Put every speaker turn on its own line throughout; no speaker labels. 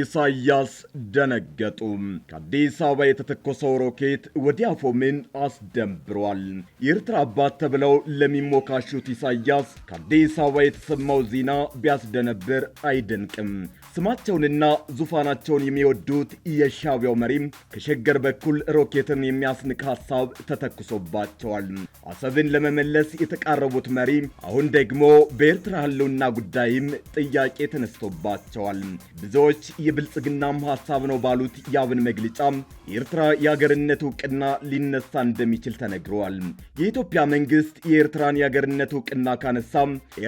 ኢሳያስ ደነገጡ። ከአዲስ አበባ የተተኮሰው ሮኬት ወዲያ አፎምን አስደንብሯል። የኤርትራ አባት ተብለው ለሚሞካሹት ኢሳያስ ከአዲስ አበባ የተሰማው ዜና ቢያስደነብር አይደንቅም። ስማቸውንና ዙፋናቸውን የሚወዱት የሻቢያው መሪም ከሸገር በኩል ሮኬትን የሚያስንቅ ሀሳብ ተተኩሶባቸዋል። አሰብን ለመመለስ የተቃረቡት መሪ አሁን ደግሞ በኤርትራ ሕልውና ጉዳይም ጥያቄ ተነስቶባቸዋል ብዙዎች የብልጽግናም ሀሳብ ነው ባሉት የአብን መግለጫ የኤርትራ የአገርነት እውቅና ሊነሳ እንደሚችል ተነግረዋል። የኢትዮጵያ መንግስት የኤርትራን የአገርነት እውቅና ካነሳ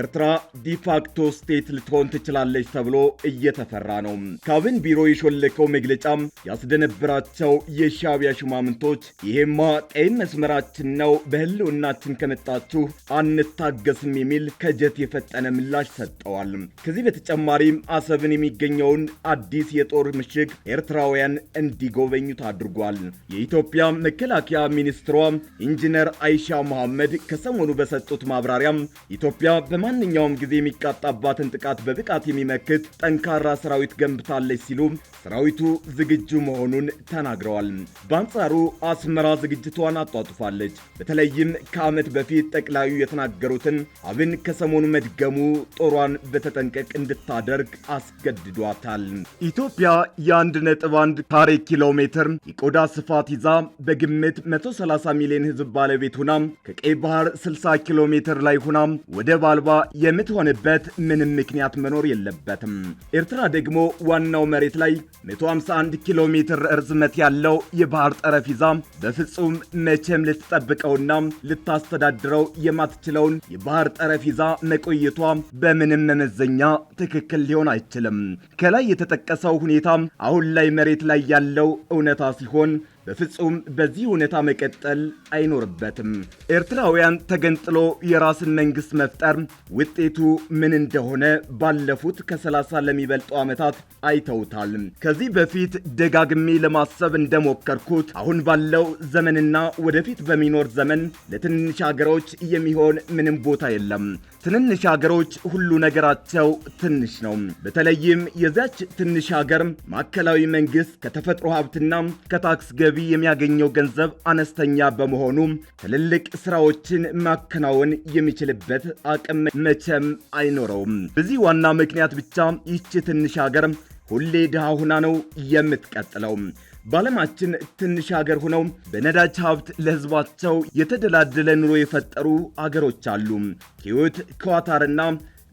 ኤርትራ ዲፋክቶ ስቴት ልትሆን ትችላለች ተብሎ እየተፈራ ነው። ከአብን ቢሮ የሾለከው መግለጫ ያስደነብራቸው የሻቢያ ሹማምንቶች ይሄማ ቀይ መስመራችን ነው፣ በህልውናችን ከመጣችሁ አንታገስም የሚል ከጀት የፈጠነ ምላሽ ሰጠዋል። ከዚህ በተጨማሪም አሰብን የሚገኘውን አዲስ የጦር ምሽግ ኤርትራውያን እንዲጎበኙት አድርጓል። የኢትዮጵያ መከላከያ ሚኒስትሯ ኢንጂነር አይሻ መሐመድ ከሰሞኑ በሰጡት ማብራሪያም ኢትዮጵያ በማንኛውም ጊዜ የሚቃጣባትን ጥቃት በብቃት የሚመክት ጠንካራ ሰራዊት ገንብታለች ሲሉ ሰራዊቱ ዝግጁ መሆኑን ተናግረዋል። በአንጻሩ አስመራ ዝግጅቷን አጧጡፋለች። በተለይም ከዓመት በፊት ጠቅላዩ የተናገሩትን አብን ከሰሞኑ መድገሙ ጦሯን በተጠንቀቅ እንድታደርግ አስገድዷታል። ኢትዮጵያ የአንድ ነጥብ አንድ ካሬ ኪሎ ሜትር የቆዳ ስፋት ይዛ በግምት 130 ሚሊዮን ህዝብ ባለቤት ሁና ከቀይ ባህር 60 ኪሎ ሜትር ላይ ሁና ወደብ አልባ የምትሆንበት ምንም ምክንያት መኖር የለበትም። ኤርትራ ደግሞ ዋናው መሬት ላይ 151 ኪሎ ሜትር ርዝመት ያለው የባህር ጠረፍ ይዛ በፍጹም መቼም ልትጠብቀውና ልታስተዳድረው የማትችለውን የባህር ጠረፍ ይዛ መቆየቷ በምንም መመዘኛ ትክክል ሊሆን አይችልም። ከላይ የተጠ ያስጠቀሰው ሁኔታ አሁን ላይ መሬት ላይ ያለው እውነታ ሲሆን በፍጹም በዚህ ሁኔታ መቀጠል አይኖርበትም። ኤርትራውያን ተገንጥሎ የራስን መንግስት መፍጠር ውጤቱ ምን እንደሆነ ባለፉት ከ30 ለሚበልጡ ዓመታት አይተውታል። ከዚህ በፊት ደጋግሜ ለማሰብ እንደሞከርኩት አሁን ባለው ዘመንና ወደፊት በሚኖር ዘመን ለትንንሽ ሀገሮች የሚሆን ምንም ቦታ የለም። ትንንሽ ሀገሮች ሁሉ ነገራቸው ትንሽ ነው። በተለይም የዚያች ትንሽ ሀገር ማዕከላዊ መንግስት ከተፈጥሮ ሀብትና ከታክስ ገቢ ገቢ የሚያገኘው ገንዘብ አነስተኛ በመሆኑ ትልልቅ ስራዎችን ማከናወን የሚችልበት አቅም መቼም አይኖረውም። በዚህ ዋና ምክንያት ብቻ ይቺ ትንሽ ሀገር ሁሌ ድሃ ሁና ነው የምትቀጥለው። በዓለማችን ትንሽ ሀገር ሆነው በነዳጅ ሀብት ለህዝባቸው የተደላደለ ኑሮ የፈጠሩ አገሮች አሉ። ኪዩት፣ ኳታርና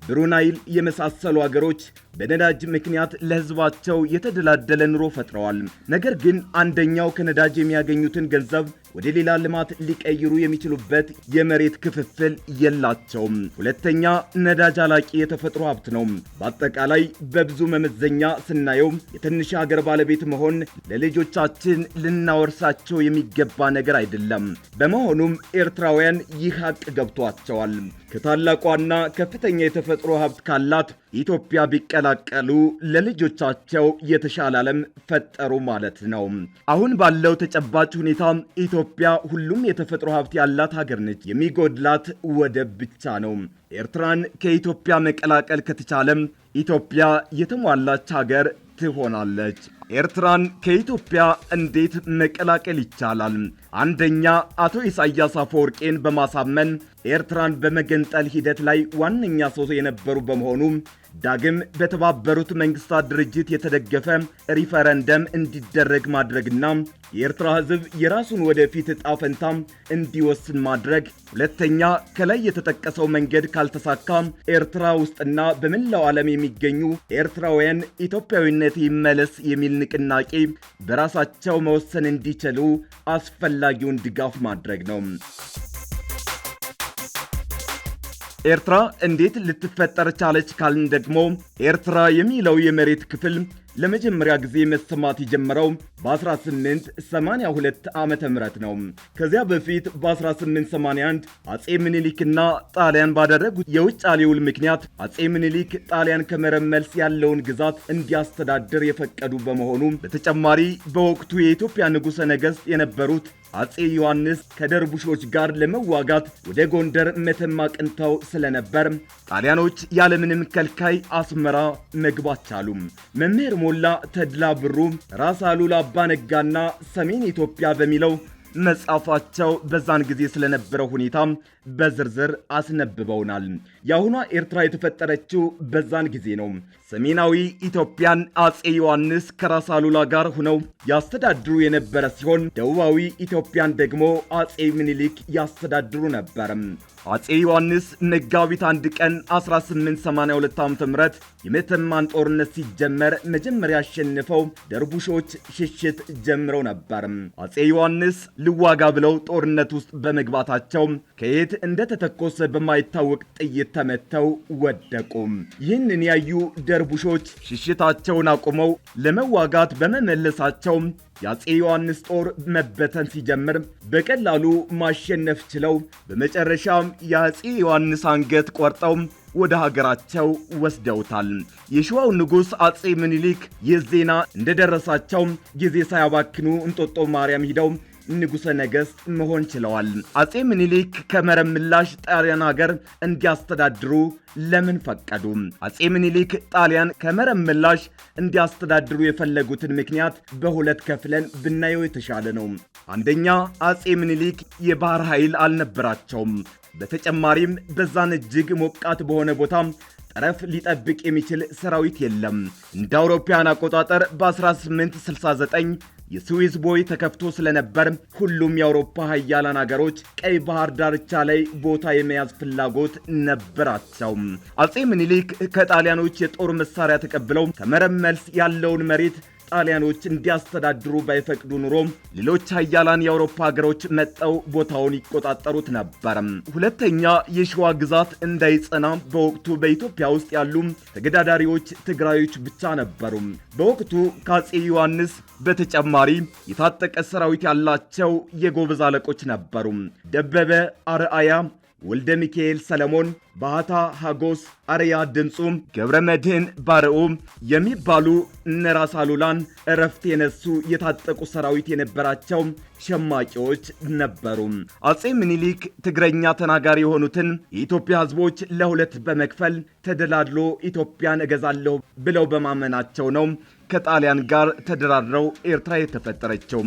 ብሩናይል የመሳሰሉ አገሮች በነዳጅ ምክንያት ለህዝባቸው የተደላደለ ኑሮ ፈጥረዋል። ነገር ግን አንደኛው ከነዳጅ የሚያገኙትን ገንዘብ ወደ ሌላ ልማት ሊቀይሩ የሚችሉበት የመሬት ክፍፍል የላቸውም። ሁለተኛ ነዳጅ አላቂ የተፈጥሮ ሀብት ነው። በአጠቃላይ በብዙ መመዘኛ ስናየው የትንሽ ሀገር ባለቤት መሆን ለልጆቻችን ልናወርሳቸው የሚገባ ነገር አይደለም። በመሆኑም ኤርትራውያን ይህ ሀቅ ገብቷቸዋል። ከታላቋና ከፍተኛ የተፈጥሮ ሀብት ካላት ኢትዮጵያ ቢቀላቀሉ ለልጆቻቸው የተሻለ ዓለም ፈጠሩ ማለት ነው። አሁን ባለው ተጨባጭ ሁኔታ ኢትዮጵያ ሁሉም የተፈጥሮ ሀብት ያላት ሀገር ነች። የሚጎድላት ወደብ ብቻ ነው። ኤርትራን ከኢትዮጵያ መቀላቀል ከተቻለም ኢትዮጵያ የተሟላች ሀገር ትሆናለች። ኤርትራን ከኢትዮጵያ እንዴት መቀላቀል ይቻላል? አንደኛ አቶ ኢሳያስ አፈወርቄን በማሳመን ኤርትራን በመገንጠል ሂደት ላይ ዋነኛ ሰው የነበሩ በመሆኑ ዳግም በተባበሩት መንግስታት ድርጅት የተደገፈ ሪፈረንደም እንዲደረግ ማድረግና የኤርትራ ህዝብ የራሱን ወደፊት ዕጣ ፈንታ እንዲወስን ማድረግ። ሁለተኛ፣ ከላይ የተጠቀሰው መንገድ ካልተሳካ ኤርትራ ውስጥና በመላው ዓለም የሚገኙ ኤርትራውያን ኢትዮጵያዊነት ይመለስ የሚል ንቅናቄ በራሳቸው መወሰን እንዲችሉ አስፈላጊውን ድጋፍ ማድረግ ነው። ኤርትራ እንዴት ልትፈጠር ቻለች ካልን ደግሞ ኤርትራ የሚለው የመሬት ክፍል ለመጀመሪያ ጊዜ መሰማት የጀመረው በ1882 ዓ ም ነው። ከዚያ በፊት በ1881 አጼ ምኒሊክና ጣሊያን ባደረጉት የውጫሌ ውል ምክንያት አጼ ምኒሊክ ጣሊያን ከመረብ መልስ ያለውን ግዛት እንዲያስተዳድር የፈቀዱ በመሆኑ በተጨማሪ በወቅቱ የኢትዮጵያ ንጉሠ ነገሥት የነበሩት አጼ ዮሐንስ ከደርቡሾች ጋር ለመዋጋት ወደ ጎንደር መተማ ቅንተው ስለነበር ጣሊያኖች ያለምንም ከልካይ አስመራ መግባት ቻሉ። መምህር ሞላ ተድላ ብሩ ራስ አሉላ አባ ነጋና ሰሜን ኢትዮጵያ በሚለው መጻፋቸው በዛን ጊዜ ስለነበረው ሁኔታ በዝርዝር አስነብበውናል። የአሁኗ ኤርትራ የተፈጠረችው በዛን ጊዜ ነው። ሰሜናዊ ኢትዮጵያን አጼ ዮሐንስ ከራስ አሉላ ጋር ሆነው ያስተዳድሩ የነበረ ሲሆን ደቡባዊ ኢትዮጵያን ደግሞ አጼ ምኒልክ ያስተዳድሩ ነበር። አጼ ዮሐንስ መጋቢት አንድ ቀን 1882 ዓ ም የመተማን ጦርነት ሲጀመር መጀመሪያ ያሸንፈው ደርቡሾች ሽሽት ጀምረው ነበር። አጼ ዮሐንስ ልዋጋ ብለው ጦርነት ውስጥ በመግባታቸው ከየት እንደተተኮሰ በማይታወቅ ጥይት ተመተው ወደቁም። ይህንን ያዩ ደርቡሾች ሽሽታቸውን አቁመው ለመዋጋት በመመለሳቸው የአጼ ዮሐንስ ጦር መበተን ሲጀምር በቀላሉ ማሸነፍ ችለው በመጨረሻም የአጼ ዮሐንስ አንገት ቆርጠው ወደ ሀገራቸው ወስደውታል። የሸዋው ንጉሥ አጼ ምኒልክ ይህ ዜና እንደደረሳቸው ጊዜ ሳያባክኑ እንጦጦ ማርያም ሂደው ንጉሠ ነገሥት መሆን ችለዋል። አጼ ምኒልክ ከመረብ ምላሽ ጣሊያን ሀገር እንዲያስተዳድሩ ለምን ፈቀዱ? አጼ ምኒልክ ጣሊያን ከመረብ ምላሽ እንዲያስተዳድሩ የፈለጉትን ምክንያት በሁለት ከፍለን ብናየው የተሻለ ነው። አንደኛ አጼ ምኒልክ የባህር ኃይል አልነበራቸውም። በተጨማሪም በዛን እጅግ ሞቃት በሆነ ቦታ ጠረፍ ሊጠብቅ የሚችል ሰራዊት የለም። እንደ አውሮፓውያን አቆጣጠር በ1869 የስዊዝ ቦይ ተከፍቶ ስለነበር ሁሉም የአውሮፓ ሀያላን አገሮች ቀይ ባህር ዳርቻ ላይ ቦታ የመያዝ ፍላጎት ነበራቸው። አጼ ምኒልክ ከጣሊያኖች የጦር መሳሪያ ተቀብለው ተመረመልስ ያለውን መሬት ጣሊያኖች እንዲያስተዳድሩ ባይፈቅዱ ኑሮ ሌሎች ሀያላን የአውሮፓ ሀገሮች መጠው ቦታውን ይቆጣጠሩት ነበር። ሁለተኛ የሸዋ ግዛት እንዳይጸና በወቅቱ በኢትዮጵያ ውስጥ ያሉ ተገዳዳሪዎች ትግራዮች ብቻ ነበሩ። በወቅቱ ከአፄ ዮሐንስ በተጨማሪ የታጠቀ ሰራዊት ያላቸው የጎበዝ አለቆች ነበሩ። ደበበ አርአያ ወልደ ሚካኤል ሰለሞን፣ ባህታ ሐጎስ፣ አርያ ድምፁም፣ ገብረ መድህን ባርኡም የሚባሉ እነራስ አሉላን እረፍት የነሱ የታጠቁ ሰራዊት የነበራቸው ሸማቂዎች ነበሩ። አጼ ምኒሊክ ትግረኛ ተናጋሪ የሆኑትን የኢትዮጵያ ሕዝቦች ለሁለት በመክፈል ተደላድሎ ኢትዮጵያን እገዛለሁ ብለው በማመናቸው ነው ከጣሊያን ጋር ተደራድረው ኤርትራ የተፈጠረችው።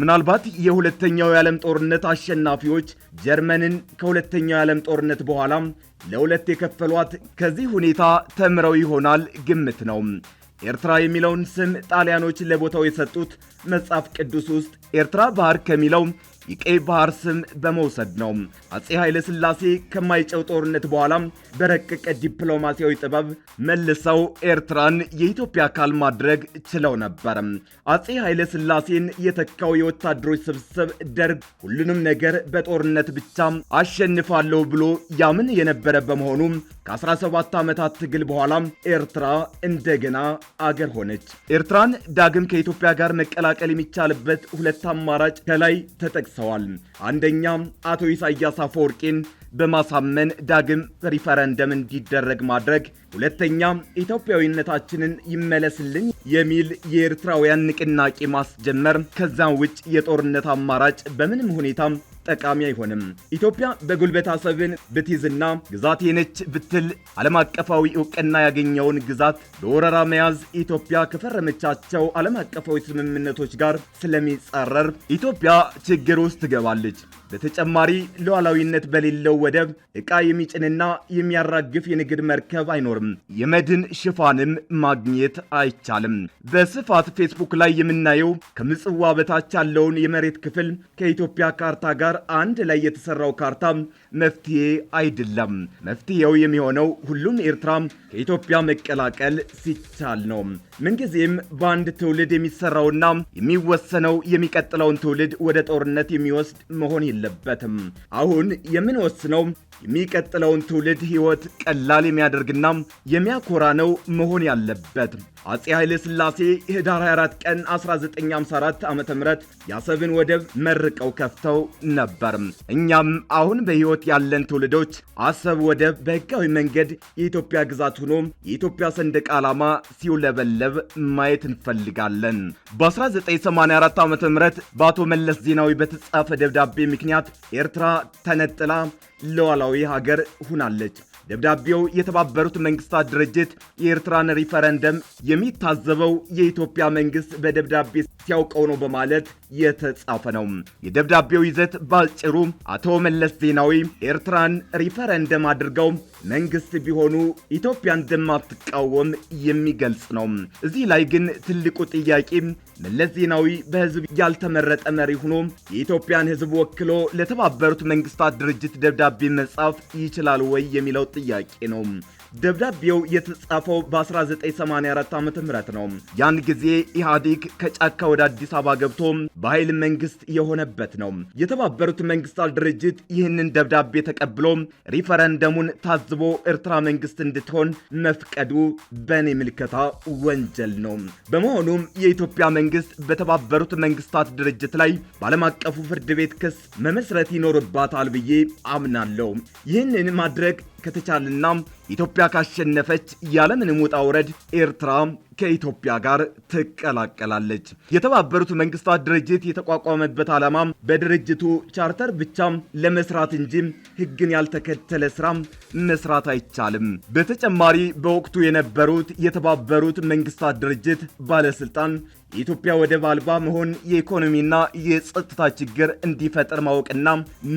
ምናልባት የሁለተኛው የዓለም ጦርነት አሸናፊዎች ጀርመንን ከሁለተኛው የዓለም ጦርነት በኋላ ለሁለት የከፈሏት ከዚህ ሁኔታ ተምረው ይሆናል ግምት ነው። ኤርትራ የሚለውን ስም ጣሊያኖች ለቦታው የሰጡት መጽሐፍ ቅዱስ ውስጥ ኤርትራ ባህር ከሚለው የቀይ ባህር ስም በመውሰድ ነው። አጼ ሥላሴ ከማይጨው ጦርነት በኋላ በረቀቀ ዲፕሎማሲያዊ ጥበብ መልሰው ኤርትራን የኢትዮጵያ አካል ማድረግ ችለው ነበር። አጼ ሥላሴን የተካው የወታደሮች ስብስብ ደርግ ሁሉንም ነገር በጦርነት ብቻ አሸንፋለሁ ብሎ ያምን የነበረ በመሆኑ ከ17 ዓመታት ትግል በኋላ ኤርትራ እንደገና አገር ሆነች። ኤርትራን ዳግም ከኢትዮጵያ ጋር መቀላቀል የሚቻልበት ሁለት አማራጭ ከላይ ተጠቅሰ ጠቅሰዋል። አንደኛ አቶ ኢሳያስ አፈወርቂን በማሳመን ዳግም ሪፈረንደም እንዲደረግ ማድረግ፣ ሁለተኛ ኢትዮጵያዊነታችንን ይመለስልን የሚል የኤርትራውያን ንቅናቄ ማስጀመር፣ ከዛም ውጭ የጦርነት አማራጭ በምንም ሁኔታ ጠቃሚ አይሆንም። ኢትዮጵያ በጉልበት አሰብን ብትይዝና ግዛት የነች ብትል ዓለም አቀፋዊ እውቅና ያገኘውን ግዛት በወረራ መያዝ ኢትዮጵያ ከፈረመቻቸው ዓለም አቀፋዊ ስምምነቶች ጋር ስለሚጻረር ኢትዮጵያ ችግር ውስጥ ትገባለች። በተጨማሪ ሉዓላዊነት በሌለው ወደብ ዕቃ የሚጭንና የሚያራግፍ የንግድ መርከብ አይኖርም። የመድን ሽፋንም ማግኘት አይቻልም። በስፋት ፌስቡክ ላይ የምናየው ከምጽዋ በታች ያለውን የመሬት ክፍል ከኢትዮጵያ ካርታ ጋር አንድ ላይ የተሰራው ካርታ መፍትሄ አይደለም። መፍትሄው የሚሆነው ሁሉም ኤርትራ ከኢትዮጵያ መቀላቀል ሲቻል ነው። ምንጊዜም በአንድ ትውልድ የሚሰራውና የሚወሰነው የሚቀጥለውን ትውልድ ወደ ጦርነት የሚወስድ መሆን የለበትም። አሁን የምንወስነው የሚቀጥለውን ትውልድ ሕይወት ቀላል የሚያደርግና የሚያኮራ ነው መሆን ያለበት። አጼ ኃይለ ሥላሴ ህዳር 24 ቀን 1954 ዓ ም የአሰብን ወደብ መርቀው ከፍተው ነበር። እኛም አሁን በሕይወት በሕይወት ያለን ትውልዶች አሰብ ወደብ በሕጋዊ መንገድ የኢትዮጵያ ግዛት ሆኖ የኢትዮጵያ ሰንደቅ ዓላማ ሲውለበለብ ማየት እንፈልጋለን። በ1984 ዓ ም በአቶ መለስ ዜናዊ በተጻፈ ደብዳቤ ምክንያት ኤርትራ ተነጥላ ሉዓላዊ ሀገር ሆናለች። ደብዳቤው የተባበሩት መንግስታት ድርጅት የኤርትራን ሪፈረንደም የሚታዘበው የኢትዮጵያ መንግስት በደብዳቤ ሲያውቀው ነው በማለት የተጻፈ ነው። የደብዳቤው ይዘት ባጭሩ አቶ መለስ ዜናዊ ኤርትራን ሪፈረንደም አድርገው መንግስት ቢሆኑ ኢትዮጵያ እንደማትቃወም የሚገልጽ ነው። እዚህ ላይ ግን ትልቁ ጥያቄ መለስ ዜናዊ በህዝብ ያልተመረጠ መሪ ሆኖ የኢትዮጵያን ህዝብ ወክሎ ለተባበሩት መንግስታት ድርጅት ደብዳቤ መጻፍ ይችላል ወይ የሚለው ጥያቄ ነው። ደብዳቤው የተጻፈው በ1984 ዓ ም ነው። ያን ጊዜ ኢህአዴግ ከጫካ ወደ አዲስ አበባ ገብቶ በኃይል መንግስት የሆነበት ነው። የተባበሩት መንግስታት ድርጅት ይህንን ደብዳቤ ተቀብሎ ሪፈረንደሙን ታዝቦ ኤርትራ መንግስት እንድትሆን መፍቀዱ በእኔ ምልከታ ወንጀል ነው። በመሆኑም የኢትዮጵያ መንግስት በተባበሩት መንግስታት ድርጅት ላይ በዓለም አቀፉ ፍርድ ቤት ክስ መመስረት ይኖርባታል ብዬ አምናለሁ። ይህንን ማድረግ ከተቻለና ኢትዮጵያ ካሸነፈች ያለምንም ውጣ ውረድ ኤርትራ ከኢትዮጵያ ጋር ትቀላቀላለች። የተባበሩት መንግስታት ድርጅት የተቋቋመበት ዓላማ በድርጅቱ ቻርተር ብቻ ለመስራት እንጂ ሕግን ያልተከተለ ስራ መስራት አይቻልም። በተጨማሪ በወቅቱ የነበሩት የተባበሩት መንግስታት ድርጅት ባለስልጣን የኢትዮጵያ ወደብ አልባ መሆን የኢኮኖሚና የጸጥታ ችግር እንዲፈጠር ማወቅና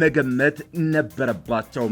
መገመት ነበረባቸው።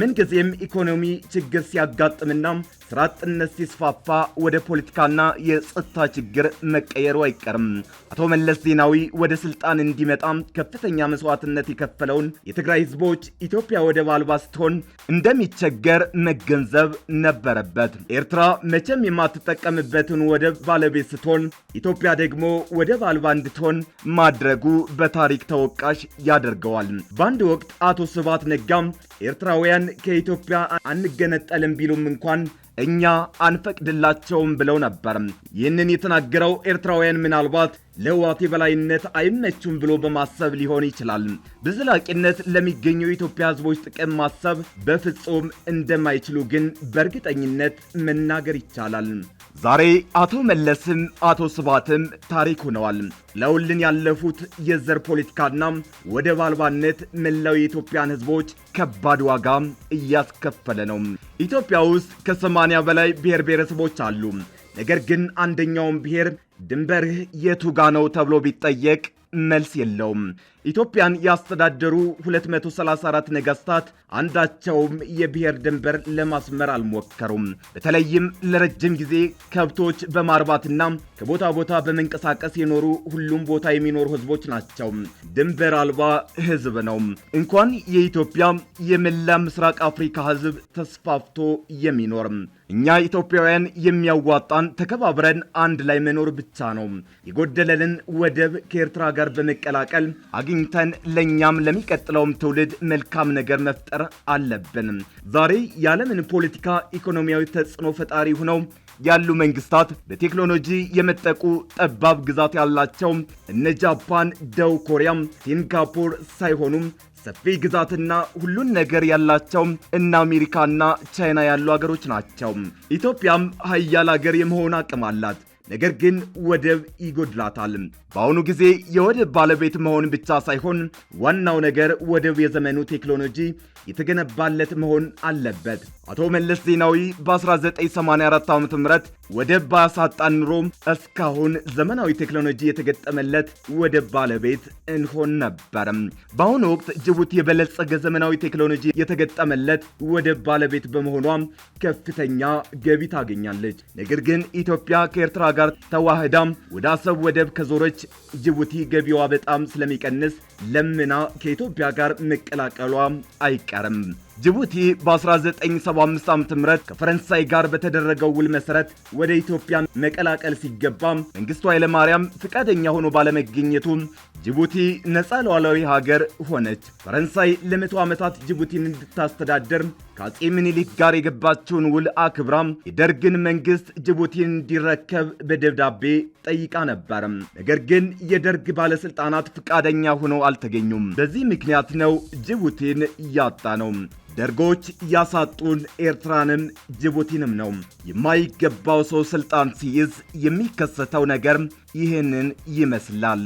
ምንጊዜም ኢኮኖሚ ችግር ሲያጋጥምና ስራ አጥነት ሲስፋፋ ወደ ፖለቲካና የጸጥታ ችግር መቀየሩ አይቀርም። አቶ መለስ ዜናዊ ወደ ስልጣን እንዲመጣ ከፍተኛ መስዋዕትነት የከፈለውን የትግራይ ህዝቦች ኢትዮጵያ ወደብ አልባ ስትሆን እንደሚቸገር መገንዘብ ነበረበት። ኤርትራ መቼም የማትጠቀምበትን ወደብ ባለቤት ስትሆን ኢትዮጵያ ደግሞ ወደብ አልባ እንድትሆን ማድረጉ በታሪክ ተወቃሽ ያደርገዋል። በአንድ ወቅት አቶ ስባት ነጋም ኤርትራውያን ከኢትዮጵያ አንገነጠልም ቢሉም እንኳን እኛ አንፈቅድላቸውም ብለው ነበር። ይህንን የተናገረው ኤርትራውያን ምናልባት ለህወሓት የበላይነት አይመቹም ብሎ በማሰብ ሊሆን ይችላል። በዘላቂነት ለሚገኙ የኢትዮጵያ ህዝቦች ጥቅም ማሰብ በፍጹም እንደማይችሉ ግን በእርግጠኝነት መናገር ይቻላል። ዛሬ አቶ መለስም አቶ ስባትም ታሪክ ሆነዋል። ለሁልን ያለፉት የዘር ፖለቲካና ወደ ባልባነት መላው የኢትዮጵያን ህዝቦች ከባድ ዋጋ እያስከፈለ ነው። ኢትዮጵያ ውስጥ ከ ከ80 በላይ ብሔር ብሔረሰቦች አሉ። ነገር ግን አንደኛውም ብሔር ድንበርህ የቱጋ ነው ተብሎ ቢጠየቅ መልስ የለውም። ኢትዮጵያን ያስተዳደሩ 234 ነገስታት አንዳቸውም የብሔር ድንበር ለማስመር አልሞከሩም። በተለይም ለረጅም ጊዜ ከብቶች በማርባትና ከቦታ ቦታ በመንቀሳቀስ የኖሩ ሁሉም ቦታ የሚኖሩ ህዝቦች ናቸው። ድንበር አልባ ህዝብ ነው። እንኳን የኢትዮጵያ የመላ ምስራቅ አፍሪካ ህዝብ ተስፋፍቶ የሚኖር እኛ ኢትዮጵያውያን የሚያዋጣን ተከባብረን አንድ ላይ መኖር ብቻ ነው። የጎደለልን ወደብ ከኤርትራ ጋር በመቀላቀል አግኝተን ለእኛም ለሚቀጥለውም ትውልድ መልካም ነገር መፍጠር አለብን። ዛሬ የዓለምን ፖለቲካ ኢኮኖሚያዊ ተጽዕኖ ፈጣሪ ሆነው ያሉ መንግስታት በቴክኖሎጂ የመጠቁ ጠባብ ግዛት ያላቸው እነ ጃፓን፣ ደቡብ ኮሪያ፣ ሲንጋፖር ሳይሆኑም ሰፊ ግዛትና ሁሉን ነገር ያላቸው እነ አሜሪካና ቻይና ያሉ አገሮች ናቸው። ኢትዮጵያም ሀያል አገር የመሆን አቅም አላት። ነገር ግን ወደብ ይጎድላታል። በአሁኑ ጊዜ የወደብ ባለቤት መሆን ብቻ ሳይሆን ዋናው ነገር ወደብ የዘመኑ ቴክኖሎጂ የተገነባለት መሆን አለበት። አቶ መለስ ዜናዊ በ1984 ዓ ም ወደብ ባያሳጣን ኑሮ እስካሁን ዘመናዊ ቴክኖሎጂ የተገጠመለት ወደብ ባለቤት እንሆን ነበር። በአሁኑ ወቅት ጅቡቲ የበለጸገ ዘመናዊ ቴክኖሎጂ የተገጠመለት ወደብ ባለቤት በመሆኗ ከፍተኛ ገቢ ታገኛለች። ነገር ግን ኢትዮጵያ ከኤርትራ ጋር ጋር ተዋህዳም ወደ አሰብ ወደብ ከዞረች ጅቡቲ ገቢዋ በጣም ስለሚቀንስ ለምና ከኢትዮጵያ ጋር መቀላቀሏ አይቀርም። ጅቡቲ በ1975 ዓ ም ከፈረንሳይ ጋር በተደረገው ውል መሰረት ወደ ኢትዮጵያ መቀላቀል ሲገባ መንግስቱ ኃይለማርያም ፍቃደኛ ሆኖ ባለመገኘቱ ጅቡቲ ነፃ ሉዓላዊ ሀገር ሆነች። ፈረንሳይ ለመቶ ዓመታት ጅቡቲን እንድታስተዳደር ከአፄ ምኒሊክ ጋር የገባችውን ውል አክብራ የደርግን መንግስት ጅቡቲን እንዲረከብ በደብዳቤ ጠይቃ ነበር። ነገር ግን የደርግ ባለስልጣናት ፍቃደኛ ሆነው አልተገኙም። በዚህ ምክንያት ነው ጅቡቲን እያጣ ነው። ደርጎች ያሳጡን ኤርትራንም ጅቡቲንም ነው። የማይገባው ሰው ስልጣን ሲይዝ የሚከሰተው ነገር ይህንን ይመስላል።